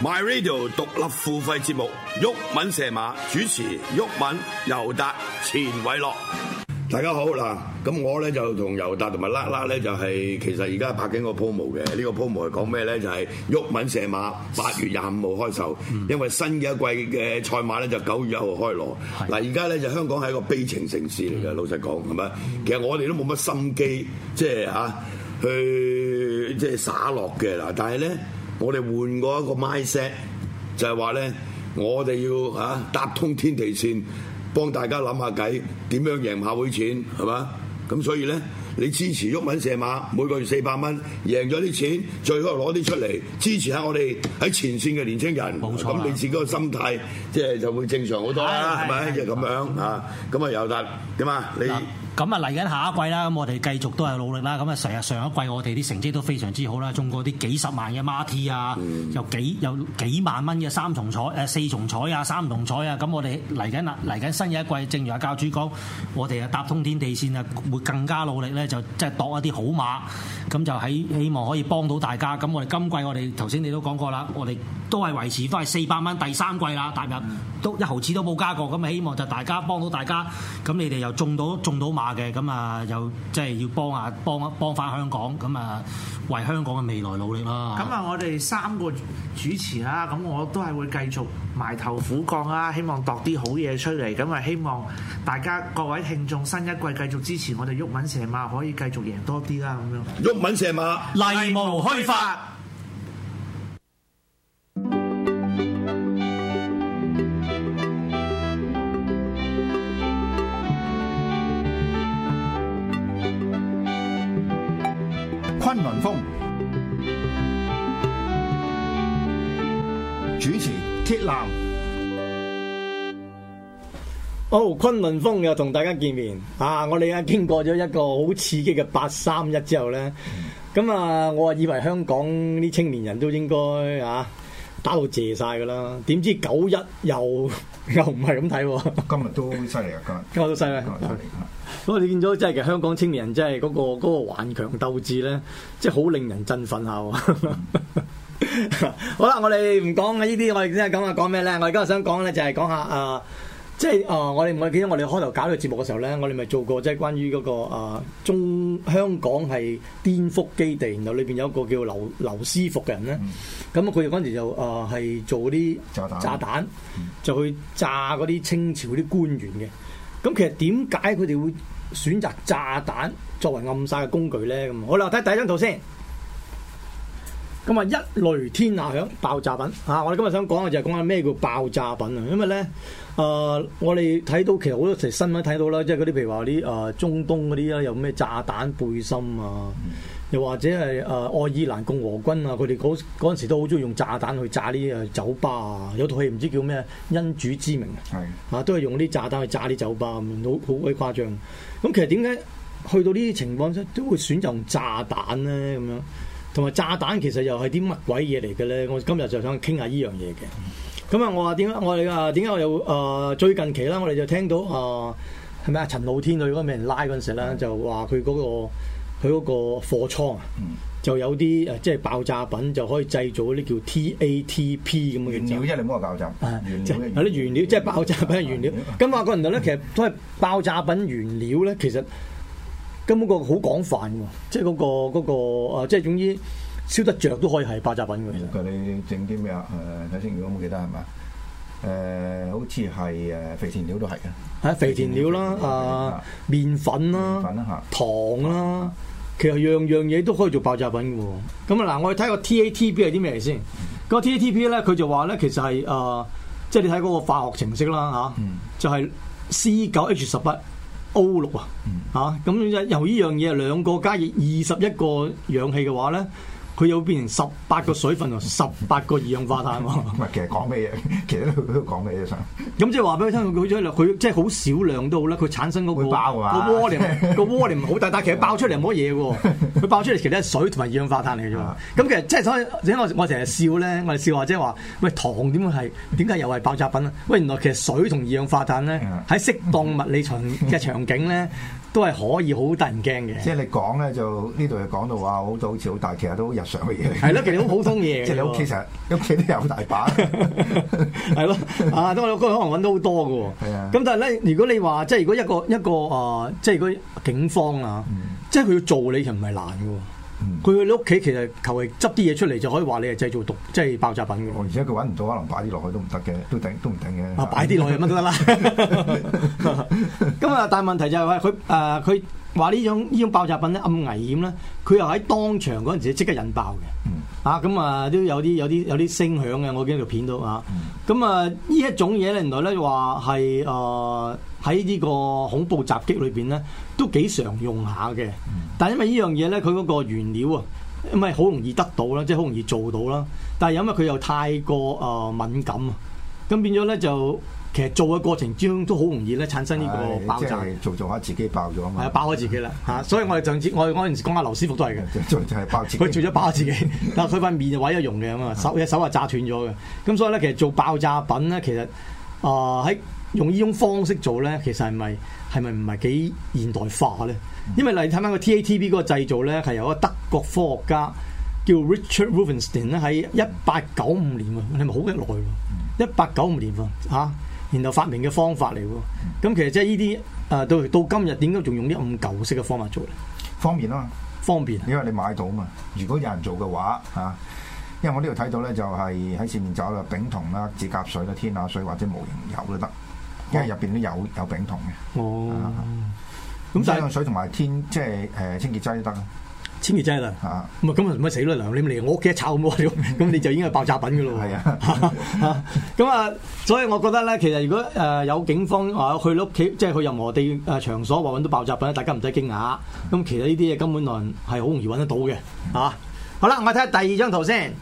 My Radio 獨立付費節目，毓民射馬主持，毓民、尤達、錢偉樂，大家好嗱，咁我咧就同尤達同埋啦啦咧就係，其實而家拍緊個鋪模嘅，呢個鋪模係講咩咧？就係毓民射馬八月廿五號開售，因為新嘅一季嘅賽馬咧就九月一號開鑼。嗱的，而家咧就香港係一個悲情城市嚟嘅，老實講係咪？其實我哋都冇乜心機，即係啊，去即係灑落嘅嗱，但係咧。我哋換過一個 mindset 就係話咧，我哋要嚇搭通天地線，幫大家諗下計，點樣贏下啲錢，係嘛？咁所以咧，你支持鬱文射馬，每個月四百蚊，贏咗啲錢，最好攞啲出嚟，支持下我哋喺前線嘅年輕人。冇錯、啊，咁你自己個心態，即係就會正常好多啦，係咪？就咁樣啊，咁啊又得，點啊？你？呃咁啊，嚟緊下一季啦，咁我哋繼續都係努力啦。咁啊，成日上一季我哋啲成績都非常之好啦，中過啲幾十萬嘅孖 T 啊，有幾又幾萬蚊嘅三重彩、誒四重彩啊、三重彩啊。咁我哋嚟緊啊，嚟緊新嘅一季，正如阿教主講，我哋啊搭通天地線啊，會更加努力咧，就即係度一啲好馬，咁就喺希望可以幫到大家。咁我哋今季我哋頭先你都講過啦，我哋。都係維持，都係四百蚊第三季啦，踏入都一毫子都冇加過，咁啊希望就大家幫到大家，咁你哋又中到中到馬嘅，咁啊又即係要幫一下幫幫翻香港，咁啊為香港嘅未來努力啦。咁啊，我哋三個主持啦，咁我都係會繼續埋頭苦幹啦，希望度啲好嘢出嚟。咁啊，希望大家各位聽眾新一季繼續支持我哋毓民射馬，可以繼續贏多啲啦。咁樣毓民射馬，例不虛發。崑崙風主持鐵男，哦，崑崙風又同大家見面啊！我哋啊經過咗一個好刺激嘅八三一之後咧，咁、嗯、啊，我啊以為香港啲青年人都應該啊打到謝晒噶啦，點知九一又又唔係咁睇喎。今日都犀利啊，今日都犀利。不過你見咗真係嘅香港青年人真係嗰個嗰個頑強鬥志咧，即係好令人振奮下 好啦，我哋唔講呢啲，我哋而家咁啊講咩咧？我而家想講咧就係講下啊，即係啊，我哋唔會記得我哋開頭搞呢個節目嘅時候咧，我哋咪做過即係關於嗰個啊、呃、中香港係顛覆基地，然後裏邊有一個叫劉劉思復嘅人咧。咁佢嗰陣時就啊係、呃、做啲炸彈，炸彈嗯、就去炸嗰啲清朝啲官員嘅。咁其實點解佢哋會選擇炸彈作為暗殺嘅工具咧，咁好啦，睇第一張圖先。咁啊，一雷天下響，爆炸品啊！我哋今日想講嘅就係講下咩叫爆炸品啊，因為咧，誒、呃，我哋睇到其實好多時新聞睇到啦，即係嗰啲譬如話啲誒中東嗰啲啦，有咩炸彈背心啊。嗯又或者係誒愛爾蘭共和軍啊，佢哋嗰嗰陣時都好中意用炸彈去炸呢誒酒吧啊！有套戲唔知叫咩《因主之名》啊，啊都係用啲炸彈去炸啲酒吧咁，好好鬼誇張。咁其實點解去到呢啲情況下，都都會選擇用炸彈咧？咁樣同埋炸彈其實又係啲乜鬼嘢嚟嘅咧？我今日就想傾下呢樣嘢嘅。咁啊，我話點解我哋啊點解我又誒最近期啦？我哋就聽到、呃、係係啊，係咪啊陳老天佢嗰陣被人拉嗰陣時咧，就話佢嗰個。佢嗰個貨倉啊，就有啲誒，即係爆炸品就可以製造啲叫 TATP 咁嘅原料啫，你唔好話爆炸。啊，原料，啲原料即係爆炸品嘅原料。咁話過嚟咧，其實都係爆炸品原料咧，其實根本個好廣泛喎，即係嗰個嗰個誒，即係總之燒得着都可以係爆炸品嘅。咁你整啲咩啊？誒，睇先，如果冇記得係咪？誒、呃，好似係誒肥田鳥都係嘅，係肥田料啦，料啊，麵粉啦，啊、粉糖啦，啊、其實樣樣嘢都可以做爆炸品嘅喎。咁啊嗱，我哋睇個 TATP 係啲咩嚟先？個 TATP 咧，佢就話咧，其實係誒、呃，即係你睇嗰個化學程式啦吓、啊，就係、是、C 九 H 十八 O 六啊，啊咁由呢樣嘢兩個加熱二十一個氧氣嘅話咧。佢有變成十八個水分喎，十八個二氧化碳喎。 其實講咩嘢？其實都講咩嘢啫。咁即係話俾佢聽，佢出嚟，佢即係好少量都好啦。佢產生嗰、嗰個個鍋嚟，嗰個鍋嚟唔好大，但其實爆出嚟冇乜嘢喎。佢爆出嚟其實係水同埋二氧化碳嚟嘅啫。咁 其實即係所以我，我我成日笑咧，我哋笑話即係話，喂，糖點解係點解又係爆炸品啊？喂，原來其實水同二氧化碳咧喺適當物理場嘅場景咧。 都係可以好得人驚嘅。即係你講咧，就呢度又講到話，好似好似好大，其實都好日常嘅嘢。係咯，其實好普通嘢。即係 你屋企，其實屋企都有好大把，係咯。啊，都我老公可能揾到好多㗎。係啊的。咁但係咧，如果你話即係如果一個一個啊，即係如果警方啊，嗯、即係佢要做你，其實唔係難㗎。佢去你屋企，其實求其執啲嘢出嚟就可以話你係製造毒，即係爆炸品。哦、嗯，而且佢揾唔到，可能擺啲落去都唔得嘅，都頂都唔頂嘅。啊，擺啲落去乜都得啦。咁啊，但係問題就係話佢誒，佢話呢種呢種爆炸品咧，咁危險咧，佢又喺當場嗰陣時即刻引爆嘅、嗯啊。啊，咁啊都有啲有啲有啲聲響嘅，我見條片都啊。咁啊，呢一種嘢咧，原來咧話係誒。喺呢個恐怖襲擊裏邊咧，都幾常用下嘅。但係因為呢樣嘢咧，佢嗰個原料啊，因為好容易得到啦，即係好容易做到啦。但係因為佢又太過誒敏感啊，咁變咗咧就其實做嘅過程之中都好容易咧產生呢個爆炸。哎、做做下自己爆咗啊嘛，爆開自己啦嚇！ 所以我哋上次我哋嗰陣時講下劉師傅都係嘅， 就就係爆自己。佢 做咗爆自己，但係佢塊面就毀咗容嘅啊嘛，手隻 手啊炸斷咗嘅。咁所以咧，其實做爆炸品咧，其實啊喺。呃用呢種方式做咧，其實係咪係咪唔係幾現代化咧？因為嚟睇翻個 TATB 嗰個製造咧，係由一個德國科學家叫 Richard Rubinstein 咧、嗯，喺一八九五年喎，你係咪好一耐喎？一八九五年喎，嚇，然後發明嘅方法嚟喎。咁、嗯、其實即係呢啲誒到到今日，點解仲用啲咁舊式嘅方法做咧？方便咯、啊，方便。因為你買到啊嘛。如果有人做嘅話嚇、啊，因為我呢度睇到咧就係喺前面走啦，丙酮啦、指甲水啦、天拿、啊、水或者模型油都得。因為入邊都有有丙酮嘅。哦。咁但用水同埋天，即係誒清潔劑都得咯。清潔劑啦。吓。唔係咁啊，唔該死啦！梁，你唔嚟我屋企一炒咁啊！咁你就已經係爆炸品噶咯。係啊。咁啊，所以我覺得咧，其實如果誒有警方話去到屋企，即係去任何地誒場所，話搵到爆炸品，大家唔使驚訝。咁其實呢啲嘢根本上係好容易搵得到嘅。吓。好啦，我睇下第二張圖先。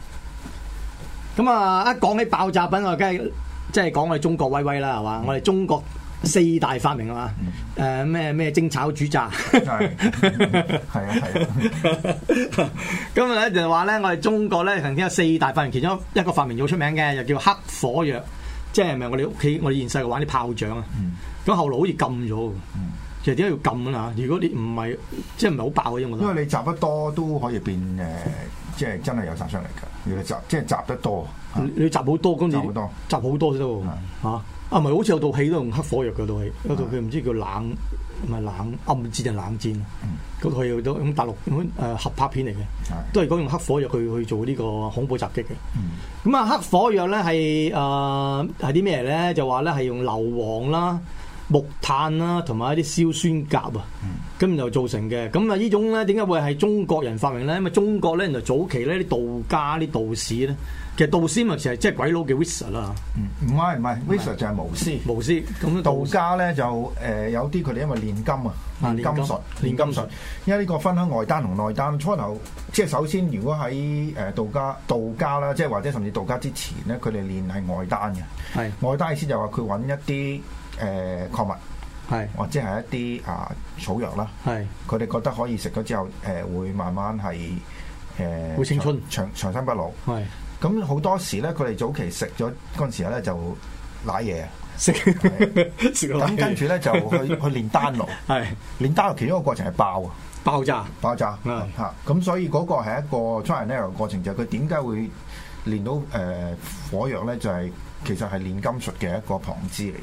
咁啊，一講起爆炸品啊，梗係。即係講我哋中國威威啦，係嘛？嗯、我哋中國四大發明啊嘛，誒咩咩蒸炒煮炸，係啊係啊。咁啊咧就話咧，我哋中國咧曾經有四大發明，其中一個發明最出名嘅，又叫黑火藥，即係咪我哋屋企我哋現世玩啲炮仗啊？咁後來好似禁咗，其實點解要禁啊？如果你唔係，即係唔係好爆嘅啫，我因為你集得多都可以變誒。呃即係真係有殺傷力嚟噶，要襲即係襲得多，你襲好多，跟住襲好多，襲好多先得啊，唔係、啊、好似有套戲都用黑火藥嘅套戲，套佢唔知叫冷，唔係冷暗戰定冷戰，嗰套又都咁大陸咁、呃、合拍片嚟嘅，嗯、都係講用黑火藥去去做呢個恐怖襲擊嘅。咁、嗯、啊，黑火藥咧係誒係啲咩咧？就話咧係用硫磺啦。啊木炭啦，同埋一啲硝酸鉀啊，咁又造成嘅。咁啊，呢種咧點解會係中國人發明咧？因為中國咧原來早期咧啲道家啲道士咧，其實道士咪、嗯、就係即係鬼佬嘅 wizard 啦。唔係唔係 wizard 就係巫師，巫師。咁道家咧就誒有啲佢哋因為煉金啊，煉金術，煉金術。因為呢個分開外丹同內丹。初頭即係首先，如果喺誒道家道家啦，即係或者甚至道家之前咧，佢哋煉係外丹嘅。係的外丹意思就係話佢揾一啲，誒礦物，係，或者係一啲啊草藥啦，係，佢哋覺得可以食咗之後，誒會慢慢係誒，會青春長長生不老，係。咁好多時咧，佢哋早期食咗嗰陣時候咧，就瀨嘢，食，咁跟住咧就去去煉丹爐，係煉丹爐其中一個過程係爆啊，爆炸，爆炸，嚇。咁所以嗰個係一個 trial and error 過程，就係佢點解會煉到誒火藥咧？就係。其實係煉金術嘅一個旁支嚟嘅。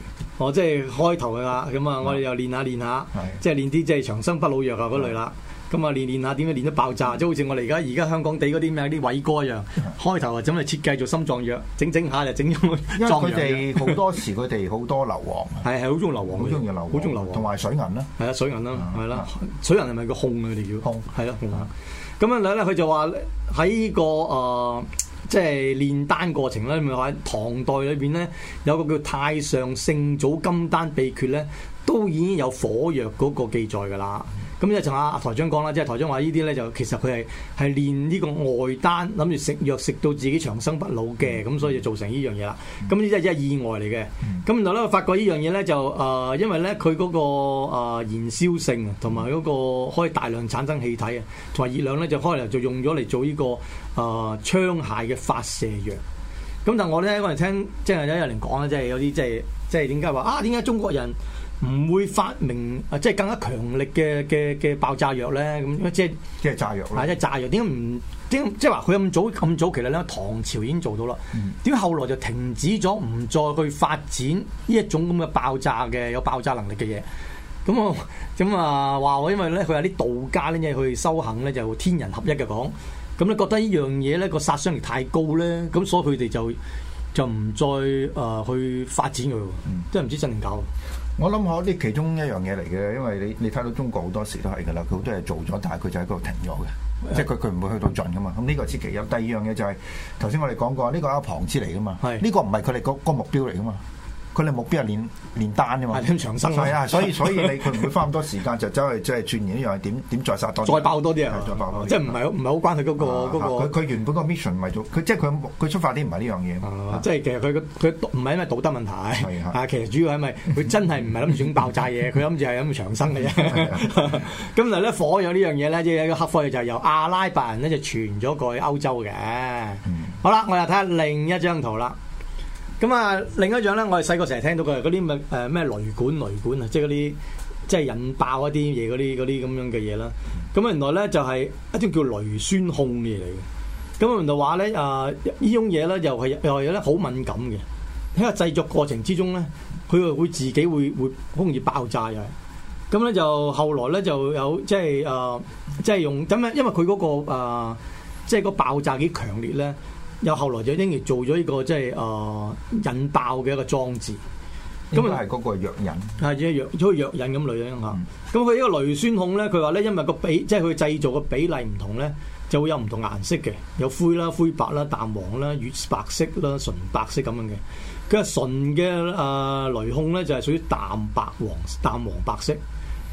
哦，即係開頭㗎啦，咁啊，我哋又練下練下，即係練啲即係長生不老藥啊嗰類啦。咁啊，練練下點解練得爆炸？即係好似我哋而家而家香港地嗰啲咩啲偉哥一樣，開頭啊，準備設計做心臟藥，整整下就整咗。佢哋好多時，佢哋好多硫磺，係係好中意硫磺，好中意硫磺，同埋水銀啦。係啊，水銀啦，係啦，水銀係咪個控？佢哋要控係啦，控啦。咁樣咧，佢就話喺呢個誒。即係煉丹過程咧，咪話喺唐代裏邊咧，有個叫太上聖祖金丹秘訣咧，都已經有火藥嗰個記載㗎啦。咁即係從阿台長講啦，即係台長話呢啲咧就其實佢係係練呢個外丹，諗住食藥食到自己長生不老嘅，咁、嗯、所以就造成呢樣嘢啦。咁呢依一係意外嚟嘅。咁然後咧發覺呢樣嘢咧就誒、呃，因為咧佢嗰個、呃、燃燒性同埋嗰個可以大量產生氣體啊，同埋熱量咧就開嚟、這個、就用咗嚟做呢、這個。啊！槍械嘅發射藥，咁但係我咧，我哋聽即係有人嚟講即係有啲即係即係點解話啊？點解中國人唔會發明啊？即係更加強力嘅嘅嘅爆炸藥咧？咁即係即係炸藥即係炸藥。點解唔點即係話佢咁早咁早其實咧唐朝已經做到啦。點解後來就停止咗唔再去發展呢一種咁嘅爆炸嘅有爆炸能力嘅嘢？咁我咁啊話因為咧佢有啲道家呢啲嘢去修行咧，就天人合一嘅講。咁你覺得呢樣嘢咧個殺傷力太高咧，咁所以佢哋就就唔再誒、呃、去發展佢，即係唔知真定假、嗯。我諗下呢其中一樣嘢嚟嘅，因為你你睇到中國好多時都係㗎啦，佢好多嘢做咗，但係佢就喺度停咗嘅，即係佢佢唔會去到盡噶嘛。咁呢個先其一，第二樣嘢就係頭先我哋講過，呢、呢個係旁支嚟噶嘛，呢是個唔係佢哋個目標嚟噶嘛。佢哋目標係煉煉丹啫嘛，係咁長生？係啊，所以所以你佢唔會花咁多時間就走去即係鑽研呢樣係點再殺多，再爆多啲啊！再爆多，即係唔係唔係好關佢嗰個佢原本個 mission 唔係做，佢即係佢佢出發點唔係呢樣嘢。即係其實佢佢唔係因為道德問題。係其實主要係因為佢真係唔係諗住整爆炸嘢，佢諗住係咁長生嘅啫。咁嗱咧，火有呢樣嘢咧，即係一個黑科技就就由阿拉伯人咧就傳咗過去歐洲嘅。好啦，我又睇下另一張圖啦。咁啊，另一樣咧，我哋細個成日聽到嘅嗰啲乜咩雷管雷管啊，即係嗰啲即係引爆一啲嘢嗰啲啲咁樣嘅嘢啦。咁啊，原來咧就係一種叫雷酸控嘅嘢嚟嘅。咁原來話咧啊，呢種嘢咧又係又係咧好敏感嘅，喺個製作過程之中咧，佢又會自己會會好容易爆炸嘅。咁咧就後來咧就有即係誒、啊、即係用咁咧，因為佢嗰、嗰個、啊、即係個爆炸幾強烈咧。又後來就因而做咗呢個即係誒引爆嘅一個裝置，咁係嗰個藥引，係一那藥，好似藥引咁類型。咁佢呢個雷酸控咧，佢話咧，因為個比即係佢製造嘅比例唔同咧，就會有唔同顏色嘅，有灰啦、灰白啦、淡黃啦、乳白色啦、純白色咁樣嘅。佢純嘅誒、呃、雷控咧就係、是、屬於淡白黃、淡黃白色。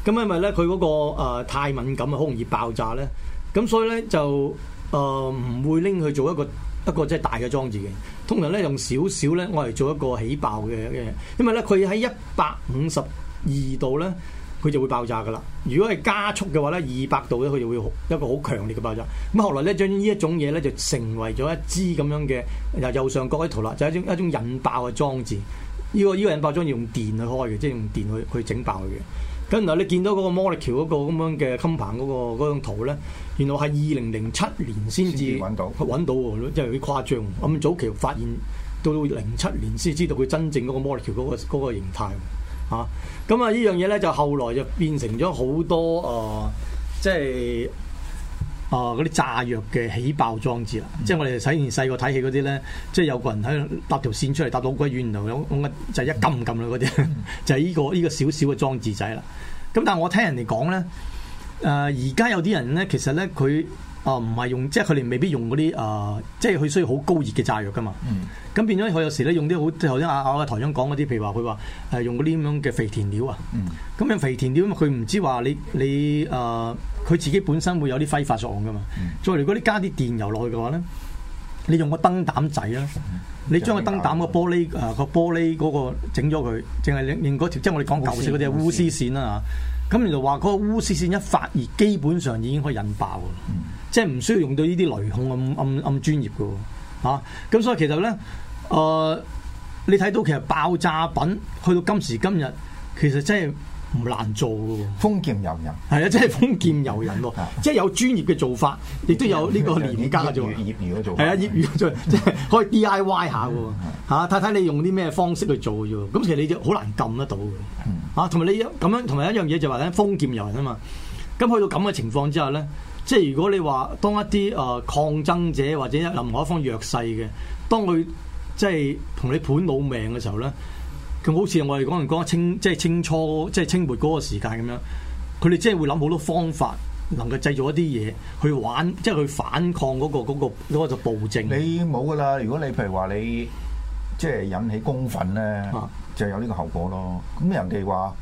咁因為咧佢嗰個、呃呃、太敏感啊，好容易爆炸咧，咁所以咧、呃、就誒唔會拎去做一個。一個即係大嘅裝置嘅，通常咧用少少咧，我嚟做一個起爆嘅，因為咧佢喺一百五十二度咧，佢就會爆炸噶啦。如果係加速嘅話咧，二百度咧，佢就會一個好強烈嘅爆炸。咁後來咧，將呢一種嘢咧就成為咗一支咁樣嘅，由右上角一圖啦，就係、一種一種引爆嘅裝置。呢個呢個引爆裝要用電去開嘅，即係用電去去整爆佢嘅。咁原來你見到嗰個 molecule 嗰個咁樣嘅襟棚嗰個嗰張圖咧，原來係二零零七年先至揾到，揾到喎，即係有啲誇張。咁早期發現到零七年先知道佢真正嗰個 molecule 嗰個形態，啊，咁啊呢樣嘢咧就後來就變成咗好多啊、呃，即係。啊！嗰啲、呃、炸藥嘅起爆裝置啦，即係我哋睇完細個睇戲嗰啲咧，即係有個人喺度搭條線出嚟，搭到好鬼遠，然後有咁 就係一撳撳啦嗰啲，就係呢個呢個小小嘅裝置仔啦。咁但係我聽人哋講咧，誒而家有啲人咧，其實咧佢啊唔係用，即係佢哋未必用嗰啲誒，即係佢需要好高熱嘅炸藥噶嘛。咁、嗯、變咗佢有時咧用啲好頭先阿阿台長講嗰啲，譬如話佢話係用嗰啲咁樣嘅肥田料啊。咁樣肥田料，佢、嗯、唔、嗯、知話你你誒。你呃佢自己本身會有啲揮發作用噶嘛，再如果你加啲電油落去嘅話咧，你用個燈膽仔啦，你將個燈膽個玻璃、嗯、啊個玻璃嗰個整咗佢，淨係令令嗰條即係我哋講舊時嗰啲烏絲線啦嚇，咁原來話嗰烏絲線一發熱，基本上已經可以引爆嘅，嗯、即係唔需要用到呢啲雷控咁咁咁專業嘅喎嚇，咁所以其實咧誒、呃，你睇到其實爆炸品去到今時今日，其實真係。唔難做嘅喎，豐儉由人係啊，即係豐儉由人喎， 即係有專業嘅做法，亦都有呢個廉價嘅做法，係啊，業餘做， 即係可以 D I Y 下嘅喎，嚇，睇睇你用啲咩方式去做啫喎，咁其實你就好難撳得到嘅，啊，同埋你咁樣，同埋一樣嘢就話咧豐儉由人啊嘛，咁去到咁嘅情況之下咧，即係如果你話當一啲啊、呃、抗爭者或者任何一方弱勢嘅，當佢即係同你盤老命嘅時候咧。佢好似我哋講嚟講，清即係清初，即係清末嗰個時間咁樣，佢哋即係會諗好多方法，能夠製造一啲嘢去玩，即係去反抗嗰、嗰個嗰就、嗰個嗰個嗰個、暴政。你冇噶啦！如果你譬如話你即係引起公憤咧，啊、就有呢個後果咯。咁人哋話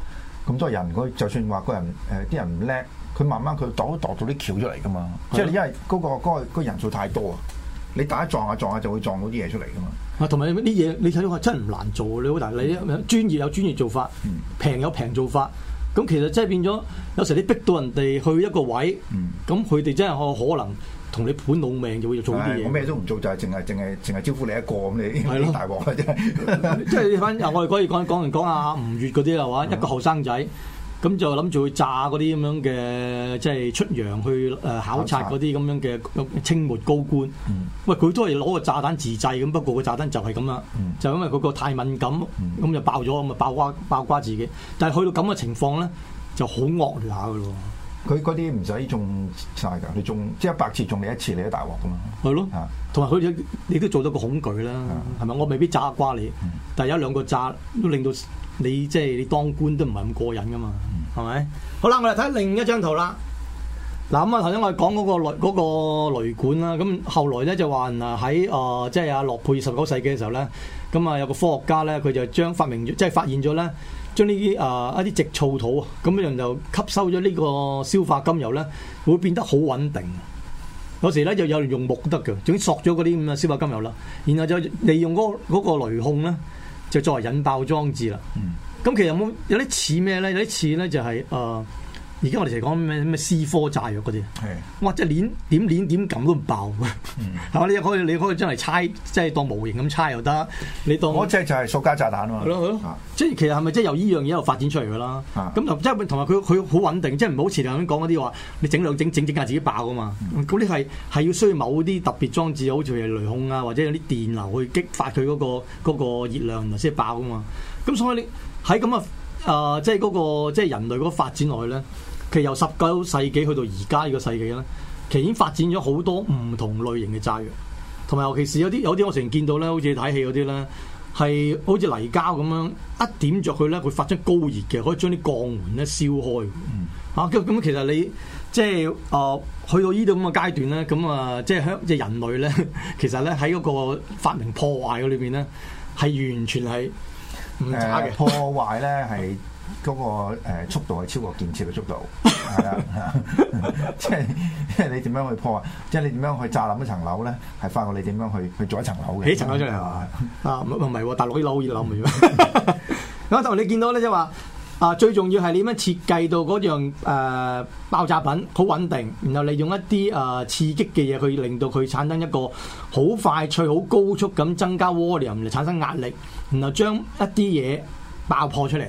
咁多人，就算話個人誒啲、呃、人唔叻，佢慢慢佢度度度啲橋出嚟噶嘛。的即係因為嗰、嗰個嗰、嗰個嗰個人數太多。你打一撞下撞下就會撞到啲嘢出嚟噶嘛？啊，同埋啲嘢你睇到話真唔難做，你好難你專業有專業做法，嗯、平有平做法。咁其實真係變咗，有時你逼到人哋去一個位，咁佢哋真係可能同你盤老命就會做啲嘢。咩、哎哎、都唔做，就係淨係淨係淨係招呼你一個咁你大鑊啦！真 即係你反，我哋可以講講完講下、啊、吳越嗰啲係嘛，嗯、一個後生仔。咁就諗住去炸嗰啲咁樣嘅，即係出洋去誒考察嗰啲咁樣嘅清末高官。嗯、喂，佢都係攞個炸彈自製嘅，咁不過個炸彈就係咁啦。嗯、就因為嗰個太敏感，咁、嗯、就爆咗，咪爆瓜爆瓜自己。但係去到咁嘅情況咧，就好惡劣下㗎。佢嗰啲唔使中曬㗎，你中即係一百次中你一次，你都大鑊㗎嘛。係咯。同埋佢你都做到個恐懼啦，係咪、啊啊？我未必炸瓜你，但係有一兩個炸都令到。你即係你當官都唔係咁過癮噶嘛，係咪、嗯吧？好啦，我哋睇另一張圖啦。嗱，咁啊，頭先我哋講嗰個雷、嗰個雷管啦。咁後來咧就話，嗱喺啊，即係諾貝爾十九世紀嘅時候咧，咁啊有個科學家咧，佢就將發明即係發現咗咧，將呢啲啊一啲矽藻土啊，咁樣就吸收咗呢個硝化甘油咧，會變得好穩定。有時咧就有人用木得㗎，總之索咗嗰啲咁嘅硝化甘油啦，然後就利用嗰嗰個雷控咧。就作為引爆裝置啦。咁、嗯嗯、其實有冇有啲似咩咧？有啲似咧就係、是、誒。呃而家我哋成日講咩咩 C4 炸藥嗰啲，是的 哇！即係鏈點鏈點撳都唔爆嘅、嗯啊，你可以你可以將嚟猜，即係當模型咁猜又得。你當我即係就係塑膠炸彈啊嘛。啊即係其實係咪即係由依樣嘢一路發展出嚟㗎啦？咁同、啊、即係同埋佢佢好穩定，即係唔好似頭先講嗰啲話，你整兩整整整，整下自己爆啊嘛。咁、嗯嗯、你係要需要某啲特別裝置，好似雷控啊，或者有啲電流去激發佢嗰、嗰個嗰、嗰個、熱量，先爆啊嘛。咁所以你喺咁啊～啊、呃，即係嗰、那個即係人類嗰個發展落去咧，其實由十九世紀去到而家呢個世紀咧，其實已經發展咗好多唔同類型嘅炸藥嘅，同埋尤其是有啲有啲我成日見到咧，好似睇戲嗰啲咧，係好似泥膠咁樣，一點着佢咧，佢發出高熱嘅，可以將啲鋼門咧燒開。嗯、啊，咁咁其實你即係啊、呃，去到呢度咁嘅階段咧，咁、嗯、啊，即係即係人類咧，其實咧喺嗰個發明破壞嘅裏邊咧，係完全係。誒、嗯、破壞咧係嗰個速度係超過建設嘅速度，係啊，即係即係你點樣去破壞，即係你點樣去炸冧一層樓咧，係快過你點樣去去做一層樓嘅幾層樓出嚟 啊？啊，唔唔係喎，大陸啲樓熱樓唔著，嗱你見到咧即係話。啊，最重要係你點樣設計到嗰樣、呃、爆炸品好穩定，然後利用一啲誒、呃、刺激嘅嘢去令到佢產生一個好快脆、好高速咁增加 volume 嚟產生壓力，然後將一啲嘢爆破出嚟。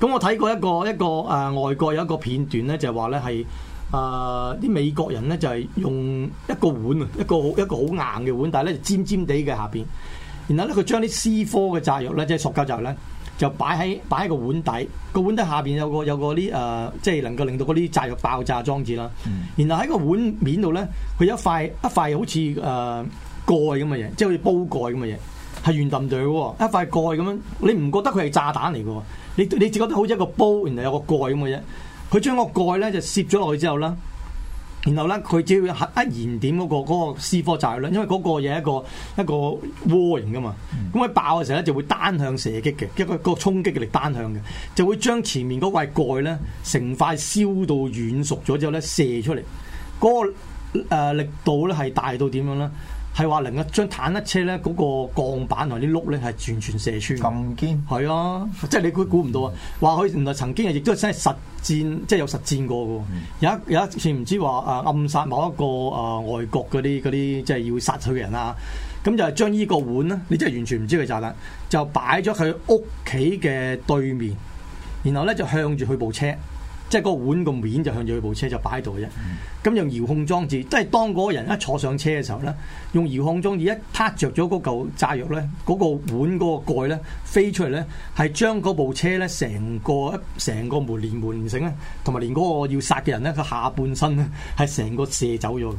咁、嗯、我睇過一個一個誒、呃、外國有一個片段咧，就係話咧係誒啲美國人咧就係、是、用一個碗啊，一個好一個好硬嘅碗，但係咧尖尖地嘅下邊，然後咧佢將啲 C4 嘅炸藥咧，即係塑膠炸藥咧。就擺喺擺喺個碗底，個碗底下邊有個有個啲誒、呃，即係能夠令到嗰啲炸藥爆炸裝置啦。嗯、然後喺個碗面度咧，佢有一塊一塊好似誒蓋咁嘅嘢，即係好似煲蓋咁嘅嘢，係圓冧住嘅。一塊蓋咁樣，你唔覺得佢係炸彈嚟嘅？你你只覺得好似一個煲，然後有個蓋咁嘅啫。佢將個蓋咧就攝咗落去之後啦。然後咧，佢只要一燃點嗰、嗰個嗰、嗰個絲科炸藥咧，因為嗰個嘢一個一個鍋型噶嘛，咁佢、嗯、爆嘅時候咧就會單向射擊嘅，一個一個衝擊力單向嘅，就會將前面嗰塊蓋咧成塊燒到軟熟咗之後咧射出嚟，嗰、嗰個、呃、力度咧係大到點樣咧？係話能夠將坦克車咧嗰個鋼板同啲轆咧係完全射穿咁堅係啊，即係你估估唔到啊？話佢堅原來曾經亦都係真係實戰，即係有實戰過噶。有、嗯、有一次唔知話誒暗殺某一個誒外國嗰啲啲即係要殺佢嘅人啊。咁就係將呢個碗咧，你真係完全唔知佢，炸彈，就擺咗佢屋企嘅對面，然後咧就向住佢部車。即係個碗個面就向住佢部車就擺喺度啫，咁、嗯、用遙控裝置，即係當嗰個人一坐上車嘅時候咧，用遙控裝置一撻着咗嗰嚿炸藥咧，嗰、嗰個碗嗰個蓋咧飛出嚟咧，係將嗰部車咧成個一成個門連門繩咧，同埋連嗰個要殺嘅人咧，佢下半身咧係成個射走咗，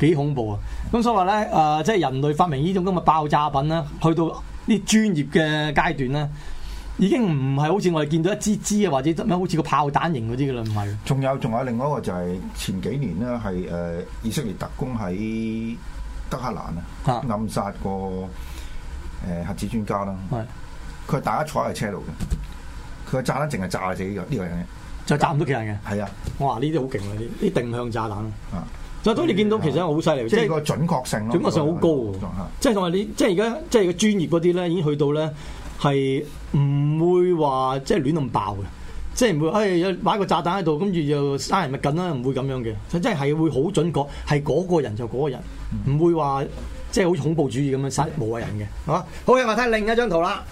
幾恐怖啊！咁、哦、所以話咧，誒、呃、即係人類發明呢種咁嘅爆炸品咧，去到啲專業嘅階段咧。已經唔係好似我哋見到一支支啊，或者好似個炮彈型嗰啲噶啦，唔係。仲有仲有另外一個就係前幾年呢係誒以色列特工喺德黑蘭啊暗殺，呃是 個誒核子專家啦。係，佢係大家坐喺車度嘅，佢個炸彈淨係炸死呢樣呢樣嘢，就炸唔到其他人嘅。係啊，我話呢啲好勁啊，啲定向炸彈啊。就當你見到其實好犀利，即係的個準確性，準確性好高。吓、啊，即係同埋你，即係而家，即係個專業嗰啲咧，已經去到咧。 係唔會話即係亂咁爆嘅，即係唔會，哎，擺個炸彈喺度，跟住就殺人咪緊啦，唔會咁樣嘅，即係係會好準確，係嗰個人就嗰個人，唔、嗯、會話即係好恐怖主義咁樣殺無謂人嘅，係嘛、嗯？好嘅，我睇另一張圖啦。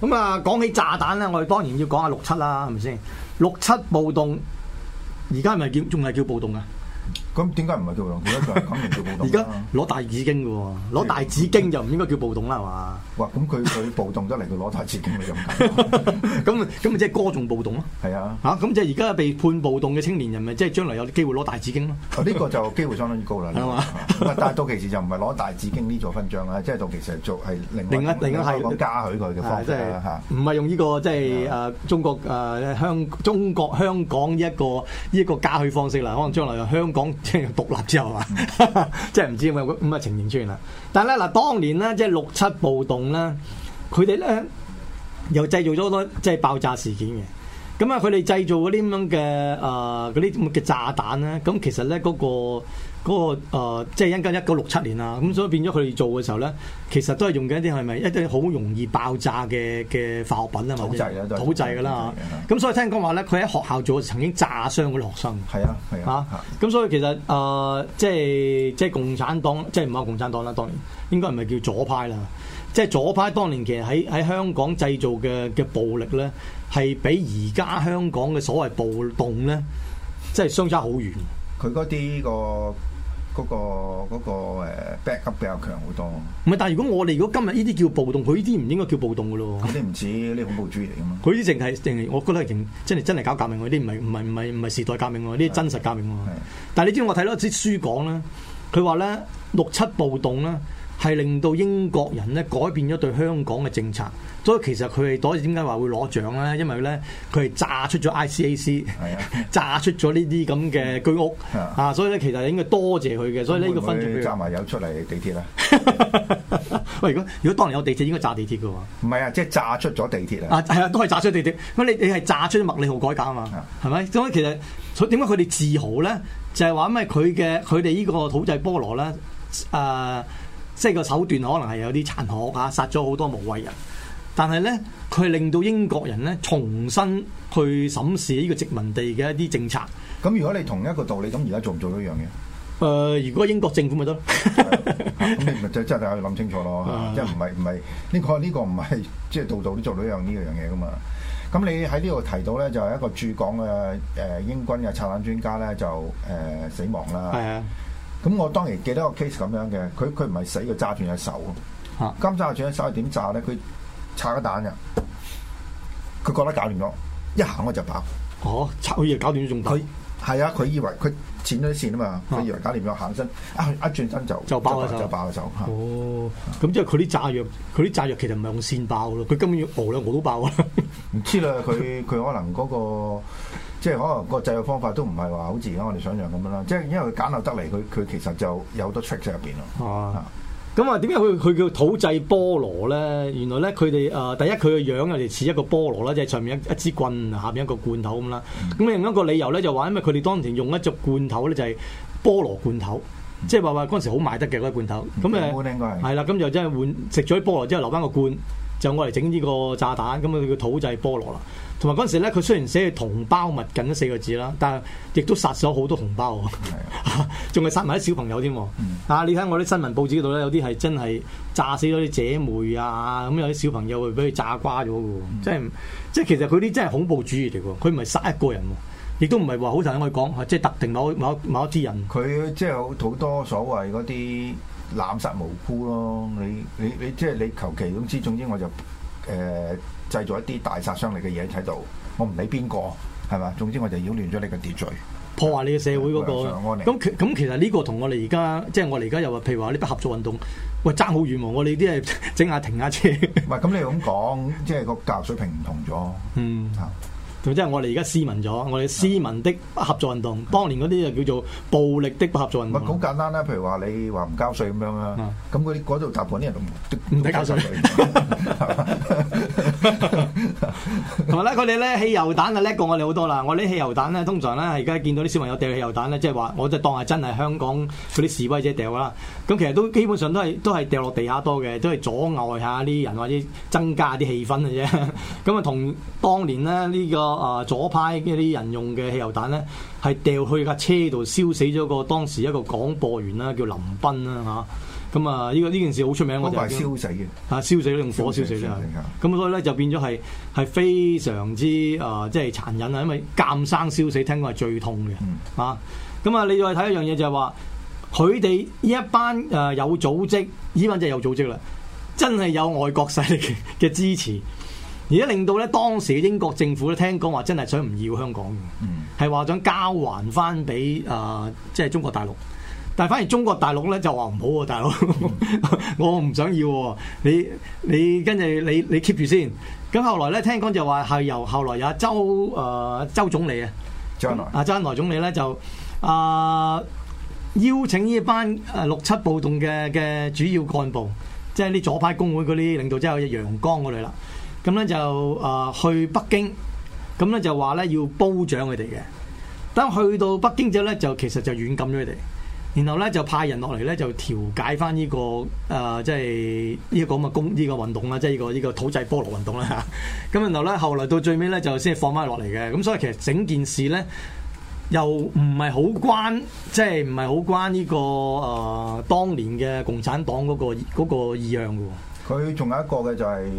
咁啊，講起炸彈咧，我哋當然要講下六七啦，係咪先？六七暴動，而家係咪叫仲係叫暴動啊？咁點解唔係叫？而家就咁嚟叫暴動，而家攞大紫荊嘅喎，攞大紫荊就唔應該叫暴動啦，係嘛？哇！咁佢佢暴動得嚟，到攞大紫荊嚟咁，咁咁即係歌頌暴動咯？係啊！嚇咁即係而家被判暴動嘅青年人咪即係將來有機會攞大紫荊咯？呢、啊這個就機會相當於高啦，係嘛吧？但係到期時就唔係攞大紫荊呢座勳章啦，即、就、係、是、到期時做係另外一個另外一另一香港加許佢嘅方式唔係、啊就是、用呢、這個即係誒中國誒香、啊中、啊、中國香港呢、這、一個依一、這個加許方式啦，可能將來有香港。獨立之後啊，即係唔知有冇咁嘅情形出現啦。但係咧嗱，當年咧即係六七暴動咧，佢哋咧又製造咗好多即係爆炸事件嘅。咁啊，佢哋製造嗰啲咁樣嘅誒嗰啲咁嘅炸彈咧，咁其實咧嗰個。嗰、那個、呃、即係因跟一九六七年啦，咁所以變咗佢哋做嘅時候咧，其實都係用緊一啲係咪一啲好容易爆炸嘅嘅化學品啊嘛，土製嘅都係，啦咁所以聽人講話咧，佢喺學校做曾經炸傷個學生，係啊係啊嚇。咁、啊、所以其實誒、呃，即係即係共產黨，即係唔好講共產黨啦，當然應該唔係叫左派啦，即係左派當年其實喺喺香港製造嘅嘅暴力咧，係比而家香港嘅所謂暴動咧，即係相差好遠。佢嗰啲個。嗰個嗰個誒 back up 比較強好多。唔係，但係如果我哋如果今日呢啲叫暴動，佢呢啲唔應該叫暴動嘅咯。嗰啲唔似啲恐怖主義嚟㗎嘛。佢啲淨係淨係，我覺得係件真係真係搞革命喎。啲唔係唔係唔係唔係時代革命喎。啲真實革命喎。的但係你知我睇到一支書講啦，佢話咧六七暴動啦，係令到英國人咧改變咗對香港嘅政策，所以其實佢哋點解話會攞獎咧？因為咧佢係炸出咗 ICAC，係啊，炸出咗呢啲咁嘅居屋啊，所以咧其實應該多謝佢嘅。所以呢個分別炸埋有出嚟地鐵啊！喂，如果如果當年有地鐵，應該炸地鐵嘅喎。唔係啊，即係炸出咗地鐵啊！啊，係啊，都係炸出地鐵。咁你你係炸出麥理浩改革啊嘛？係咪？咁啊，其實點解佢哋自豪咧？就係話咩？佢嘅佢哋呢個土製菠蘿咧，誒。即係個手段可能係有啲殘酷嚇，殺咗好多無謂人。但係咧，佢令到英國人咧重新去審視呢個殖民地嘅一啲政策。咁如果你同一個道理，咁而家做唔做到一樣嘢？誒，如果英國政府咪得咯？咁你咪就係大家諗清楚咯、 這個這個，即係唔係唔係呢個呢個唔係即係度度都做到一樣呢樣嘢噶嘛？咁你喺呢度提到咧，就係一個駐港嘅誒英軍嘅拆彈專家咧，就、呃、誒死亡啦。係啊。咁、嗯、我當年記得個 case 咁樣嘅，佢佢唔係死，佢炸斷隻手。啊！咁炸斷隻手係點炸咧？佢拆個彈嘅，佢覺得搞掂咗，一行我就爆。哦！拆嗰嘢搞掂仲佢係啊！佢以為佢剪咗啲線啊嘛，佢以為搞掂咗，行身啊一轉身就、啊、就爆啊就爆。就爆啊就爆。哦，咁即係佢啲炸藥，佢啲炸藥其實唔係用線爆咯，佢根本要熬啦我都爆啊！唔 知啦，佢佢可能嗰、嗰個。 即係可能個製嘅方法都唔係話好似而家我哋想象咁樣啦，即係因為佢簡陋得嚟，佢佢其實就有好多 trace 喺入邊咯。哦，咁啊，點解佢佢叫土製菠蘿咧？原來咧，佢哋誒第一佢嘅樣係似一個菠蘿啦，即、就、係、是、上面一一支棍，下邊一個罐頭咁啦。咁、嗯、另一個理由咧就話，因為佢哋當年用一隻罐頭咧，就係菠蘿罐頭，嗯、即係話話嗰陣時好賣得嘅嗰啲罐頭。咁誒、嗯，係啦，咁就真係換食咗啲菠蘿之後留翻個罐，就我嚟整呢個炸彈，咁佢叫土製菠蘿啦。同埋嗰陣時咧，佢雖然寫係同胞勿近呢四個字啦，但係亦都殺咗好多同胞，仲係的殺埋啲小朋友添。嗯、啊！你睇我啲新聞報紙嗰度咧，有啲係真係炸死咗啲姐妹啊，咁有啲小朋友會俾佢炸瓜咗嘅，即係即係其實佢啲真係恐怖主義嚟喎。佢唔係殺一個人，亦都唔係話好頭先我講，係即係特定某某某一啲人。佢即係好多所謂嗰啲濫殺無辜咯。你你你即係你求其咁知，總之我就誒。呃製造一啲大殺傷力嘅嘢喺度，我唔理邊個，係嘛？總之我就擾亂咗你嘅秩序，破壞你嘅社會嗰、那個安寧。咁咁，其實呢個同我哋而家，即係我哋而家又話，譬如話你不合作運動，喂爭好遠喎！我哋啲係整下停下車。唔係、嗯，咁 你咁講，即係個教育水平唔同咗。嗯。即係我哋而家斯文咗，我哋斯文的不合作運動。的當年嗰啲就叫做暴力的不合作運動。好簡單啦，譬如話你話唔交稅咁樣啦，咁嗰啲度搭伴啲人都唔唔俾交稅。同埋咧，佢哋咧汽油彈啊叻過我哋好多啦。我啲汽油彈咧，通常咧而家見到啲小朋友掟汽油彈咧，即係話我就係當係真係香港嗰啲示威者掉啦。咁其實都基本上都係都係掟落地下多嘅，都係阻礙下啲人或者增加啲氣氛嘅啫。咁啊，同當年咧呢個。啊、呃、左派啲人用嘅汽油彈咧，係掉去架車度燒死咗個當時一個廣播員啦，叫林彬啦嚇。咁啊，呢、這個呢件、這個、事好出名。都係 informações、啊、燒死嘅，啊燒死用火燒死嘅。咁中所以咧就變咗係係非常之啊，即、呃、係殘忍啊，因為監生燒死聽講係最痛嘅。啊，咁啊，你再睇一樣嘢就係話，佢哋呢一班啊、呃、有組織，呢班就係有組織啦，真係有外國勢力嘅支持。而家令到咧當時嘅英國政府咧，聽講話真係想唔要香港嘅，係話、嗯、想交還翻俾啊，即係中國大陸。但係反而中國大陸咧就話唔好喎、啊，大佬，嗯、 我唔想要喎、啊。你你跟住你你 keep 住先。咁後來咧聽講就話係由後來有周啊、呃、周總理來啊，周恩來啊周恩來總理咧就啊、呃、邀請呢班誒六七暴動嘅嘅主要幹部，即係啲左派工會嗰啲領導，即係陽光嗰類啦。咁咧、嗯、就啊、呃、去北京，咁、嗯、咧就話咧要褒獎佢哋嘅。當去到北京之後咧，就其實就軟禁咗佢哋。然後咧就派人落嚟咧，就調解翻呢、這個誒、呃，即係呢、這個咁嘅、這個、工呢、這個運動啦，即係呢、這個呢、這個土製菠蘿運動啦。咁、嗯、然後咧，後來到最尾咧，就先係放翻落嚟嘅。咁、嗯、所以其實整件事咧，又唔係好關，即係唔係好關呢、這個誒、呃、當年嘅共產黨嗰、那個、那個意樣嘅。佢仲有一個嘅就係、是。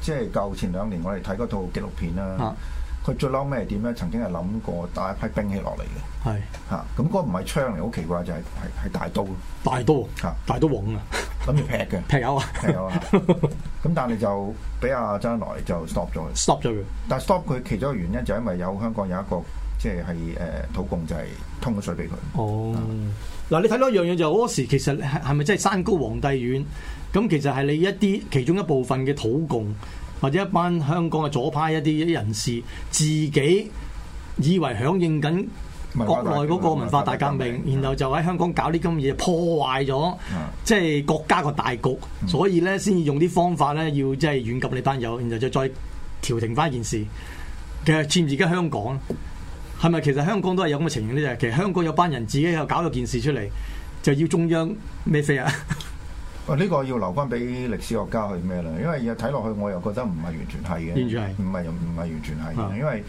即係舊前兩年，我哋睇嗰套紀錄片啦。佢、啊、最嬲咩點咧？曾經係諗過打一批兵器落嚟嘅。係嚇是，咁嗰個唔係槍嚟，好奇怪就係係係大刀。大刀嚇，大刀王？啊，諗住劈嘅劈友啊，劈友啊。咁、 嗯、但係就俾阿周恩來就 stop 咗佢。 stop 咗佢。但係 stop 佢其中一個原因就係因為有香港有一個即係係誒土共就係通咗水俾佢。哦、嗯。嗯。嗱，你睇到一樣嘢就嗰時其實係咪真係山高皇帝遠？咁其實係你一啲其中一部分嘅土共或者一班香港嘅左派一啲人士自己以為響應緊國內嗰個文化大革命，然後就喺香港搞啲咁嘢破壞咗，即係國家個大局，所以咧先要用啲方法咧要即係軟禁你班友，然後就再調停翻件事，其實似唔似而家香港？係咪其實香港都係有咁嘅情形呢？就係其實香港有班人自己又搞咗件事出嚟，就要中央孭飛啊？啊！呢個要留翻俾歷史學家去咩啦？因為睇落去我又覺得唔係完全係嘅，唔係唔係完全係是因為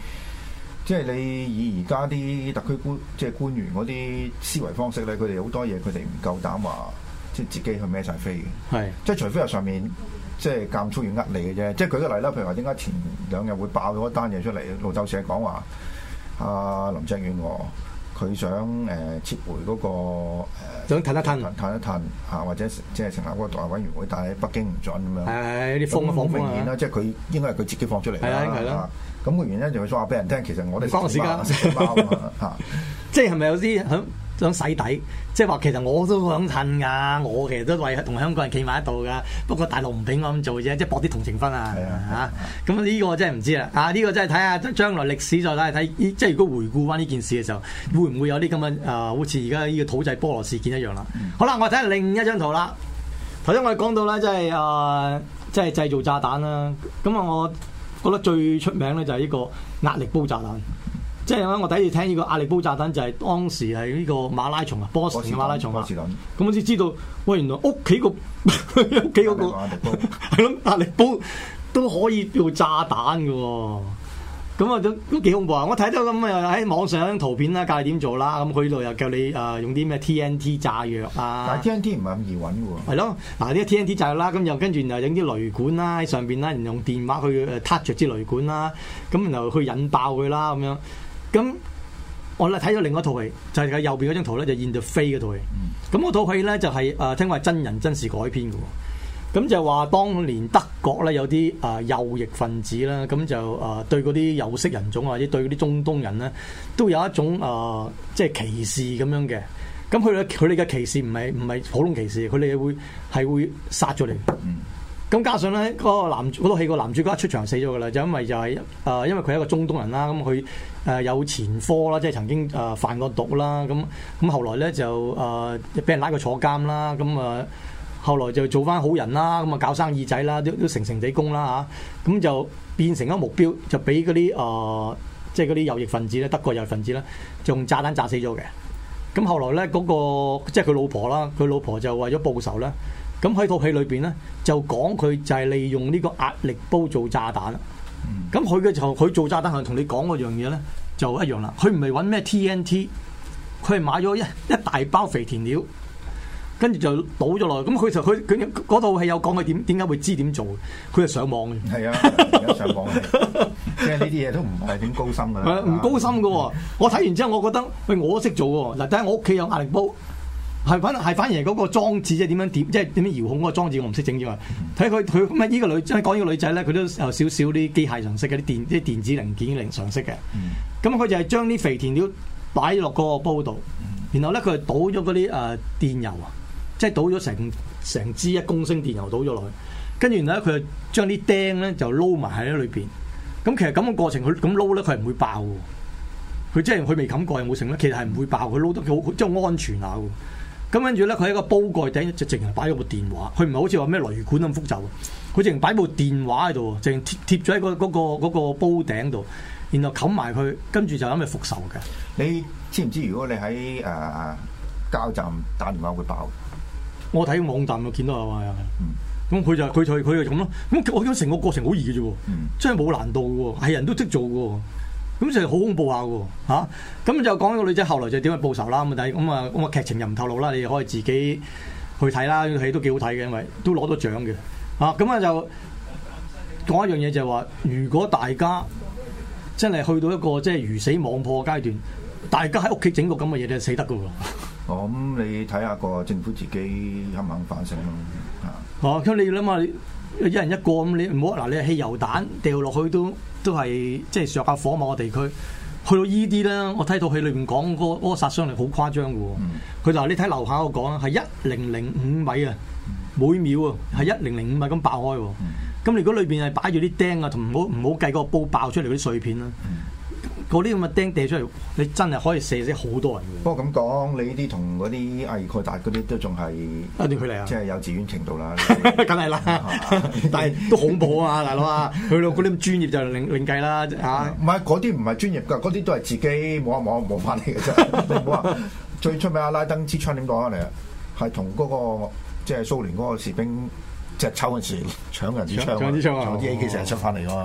即係你以而家啲特區官即係、就是、官員嗰啲思維方式咧，佢哋好多嘢佢哋唔夠膽話，即係自己去孭晒飛嘅。係是即係除非係上面即係監促員呃你嘅啫。即係舉個例啦，譬如話點解前兩日會爆咗一單嘢出嚟，路透社講話。阿林鄭月娥，佢想誒撤回嗰，那個想褪一褪，褪一褪嚇，或者即係，就是，成立嗰個獨立委員會，但係北京唔準咁樣。係，你放風明顯啦，即係佢應該係佢自己放出嚟啦。咁嘅、啊、原因就會話俾人聽，其實我哋花時間即係係咪有啲？嗯想洗底，即係話其實我都想襯㗎，我其實都為同香港人企埋一度㗎。不過大陸唔俾我咁做啫，即係搏啲同情分啊嚇。咁呢個我真係唔知啦。啊，呢、呢個真係睇下將來歷史再睇睇，即係如果回顧翻呢件事嘅時候，會唔會有啲咁嘅誒？好似而家呢個土製菠蘿事件一樣啦。嗯、好啦，我睇下另一張圖啦。頭先我哋講到咧，即係誒、呃，即係製造炸彈啦。咁啊，我覺得最出名咧就係呢個壓力煲炸彈。即係我第一次聽呢個壓力煲炸彈，就係當時係呢個馬拉松啊，波士頓馬拉松啊。咁先、嗯、知道，喂，原來屋企、 嗰個屋企個個係咯，壓 力煲都可以做炸彈嘅喎、哦。咁啊都都幾恐怖啊！我睇到咁啊喺網上有圖片啦，教你點做啦。咁佢度又教你誒用啲咩 TNT 炸藥啊？但係 TNT 唔係咁易揾喎、哦。係咯，嗱啲 TNT 炸藥啦，咁又跟住然後整啲雷管啦喺上邊啦，然用電話去 touch 支雷管啦，咁然後去引爆佢啦咁樣。咁我咧睇咗另外一套戲，就係、是、佢右邊嗰張圖咧，就 In the Fade 嗰套戲。咁嗰套戲咧就係、是、誒聽話係真人真事改編嘅。咁就話當年德國咧有啲誒右翼分子啦，咁就誒對嗰啲有色人種或者對嗰啲中東人咧，都有一種誒、呃、即係歧視咁樣嘅。咁佢嘅佢哋嘅歧視唔係唔係普通歧視，佢哋會係會殺咗你。咁加上咧嗰個男套戲個男主角、那個、一出場就死咗㗎喇，就因為就係、是、誒、呃、因為佢係一個中東人啦，咁佢。誒、呃、有前科啦，即係曾經誒、呃、犯過毒啦，咁、嗯、咁後來咧就誒俾人拉佢坐監啦，咁、嗯、誒後來就做翻好人啦，咁、嗯、啊搞生意仔啦，都都成成地工啦嚇，咁、啊嗯、就變成一個目標，就俾嗰啲誒即係嗰啲右翼分子咧，德國右翼分子咧，就用炸彈炸死咗嘅。咁、嗯、後來咧嗰、那個即係佢老婆啦，佢老婆就為咗報仇啦。咁喺套戲裏邊咧就講佢就係利用呢個壓力煲做炸彈。咁佢嘅時候，佢做炸彈係同你講嗰樣嘢咧，就一樣啦。佢唔係搵咩 TNT，佢係買咗一一大包肥田料，跟住就倒咗落。咁佢就佢佢嗰度係有講佢點點解會知點做，佢係上網嘅。係啊，上網嘅。 即係呢啲嘢都唔係點高深噶。啊，唔高深噶，哦，的我睇完之後，我覺得喂，我都識做噶。嗱，但係我屋企有壓力煲。係，反係反而係嗰個裝置即係點樣點，即係點樣遙控嗰個裝置，我唔識整咋嘛，睇佢佢咁啊！依個女即係講依個女仔咧，佢都有少少啲機械常識嘅啲電啲電子零件零常識嘅。咁佢、嗯、就係將啲肥田料擺落個煲度，然後咧佢係倒咗嗰啲誒電油啊，即係倒咗成成支一公升電油倒咗落去，跟住然後咧佢就將啲釘咧就撈埋喺裏邊。咁其實咁嘅過程，佢咁撈咧，佢係唔會爆嘅。佢即係佢未冚蓋，冇成咧？其實係唔會爆，佢撈得佢好即係安全下咁跟住咧，佢喺個煲蓋頂，就淨係擺咗部電話。佢唔係好似話咩雷管咁複雜嘅，佢淨係擺部電話喺度，淨貼貼咗喺、嗰個嗰、嗰個煲頂度，然後冚埋佢，跟住就咁去復仇嘅。你知唔知如果你喺誒、呃、交站打電話會爆？我睇網站又見到係咪？咁佢、嗯、就佢就佢就咁咯。咁我覺得成個過程好易嘅啫，嗯、真係冇難度嘅喎，係人都識做嘅喎。咁就係好恐怖下嘅，嚇、啊！咁就講一個女仔後來就點去報仇啦咁啊！咁啊、嗯嗯，劇情又唔透露啦，你可以自己去睇啦。啲戲都幾好睇嘅，因為都攞到獎嘅，嚇！咁啊，就講一樣嘢就係、是、話，如果大家真係去到一個即係如死網破嘅階段，大家喺屋企整個咁嘅嘢你就死得嘅喎。咁、哦嗯、你睇下個政府自己肯唔肯反省咯？嚇、啊！哦、啊，因為你諗下，一人一個咁，你唔好嗱，你汽油彈掉落去都～都係即係灼下火某嘅地區，去到依啲咧，我睇到佢裏邊講嗰個嗰個殺傷力好誇張嘅喎。佢就話你睇樓下我講啊，係一零零五米啊，每秒啊係一零零五米咁爆開喎。咁如果你裏邊係擺住啲釘啊，同唔好唔好計個煲爆出嚟啲碎片啊。嗰啲咁嘅釘地出嚟，你真係可以射死好多人嘅。不過咁講，你呢啲同嗰啲阿爾蓋達嗰啲都仲係啊，段距離啊，即係幼稚園程度啦。梗係啦，但係都恐怖啊，大佬啊，去到嗰啲專業就另另計啦嚇。唔係嗰啲唔係專業㗎，嗰啲都係自己摸一摸摸翻嚟嘅啫。好話最出名阿拉登之槍點講嚟啊？係同嗰個即係蘇聯嗰個士兵。即係抽嗰時搶人支槍，搶支槍啊！搶啲 AK 成日出翻嚟噶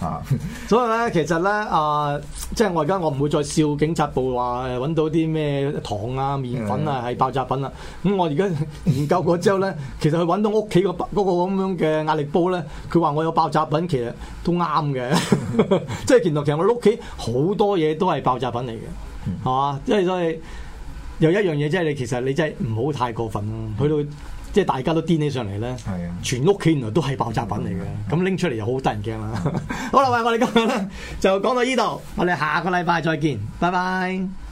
嘛。所以咧，其實咧啊、呃，即係我而家我唔會再笑警察部話揾到啲咩糖啊、麵粉啊係、嗯、爆炸品啦、啊。咁我而家研究過之後咧，嗯、其實佢揾到屋企個嗰個咁樣嘅壓力煲咧，佢話我有爆炸品，其實都啱嘅。即係其實其實我屋企好多嘢都係爆炸品嚟嘅，係嘛、嗯？即係所,所以有一樣嘢，即係你其實你真係唔好太過分去到。即係大家都癲起上嚟啦，的全屋企原來都係爆炸品嚟嘅，咁拎出嚟又 好得人驚啦。好啦，喂，我哋今日咧就講到呢度，我哋下個禮拜再見，拜拜。